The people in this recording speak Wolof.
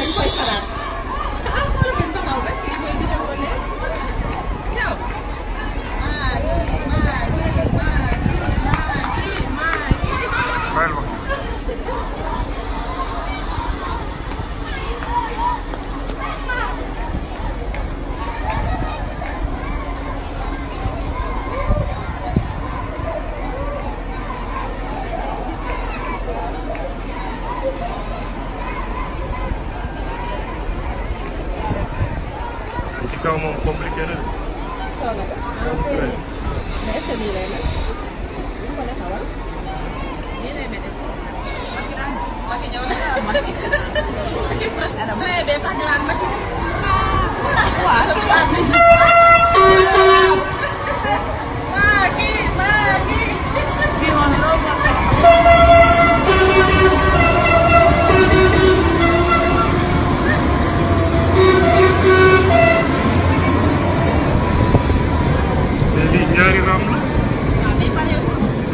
dañ koy xalaat ah xoolal ngeen taxaw rek kii mooy gën a wóole yow maa ngi maa ngi maa ngi maa ngi ci kaw moom compliqué na. kaw na mais est-ce que nii lay mel. bu ñu ko defawal. nii lay mel est-ce que. Macky ñëw na. Macky Macky. Macky Macky.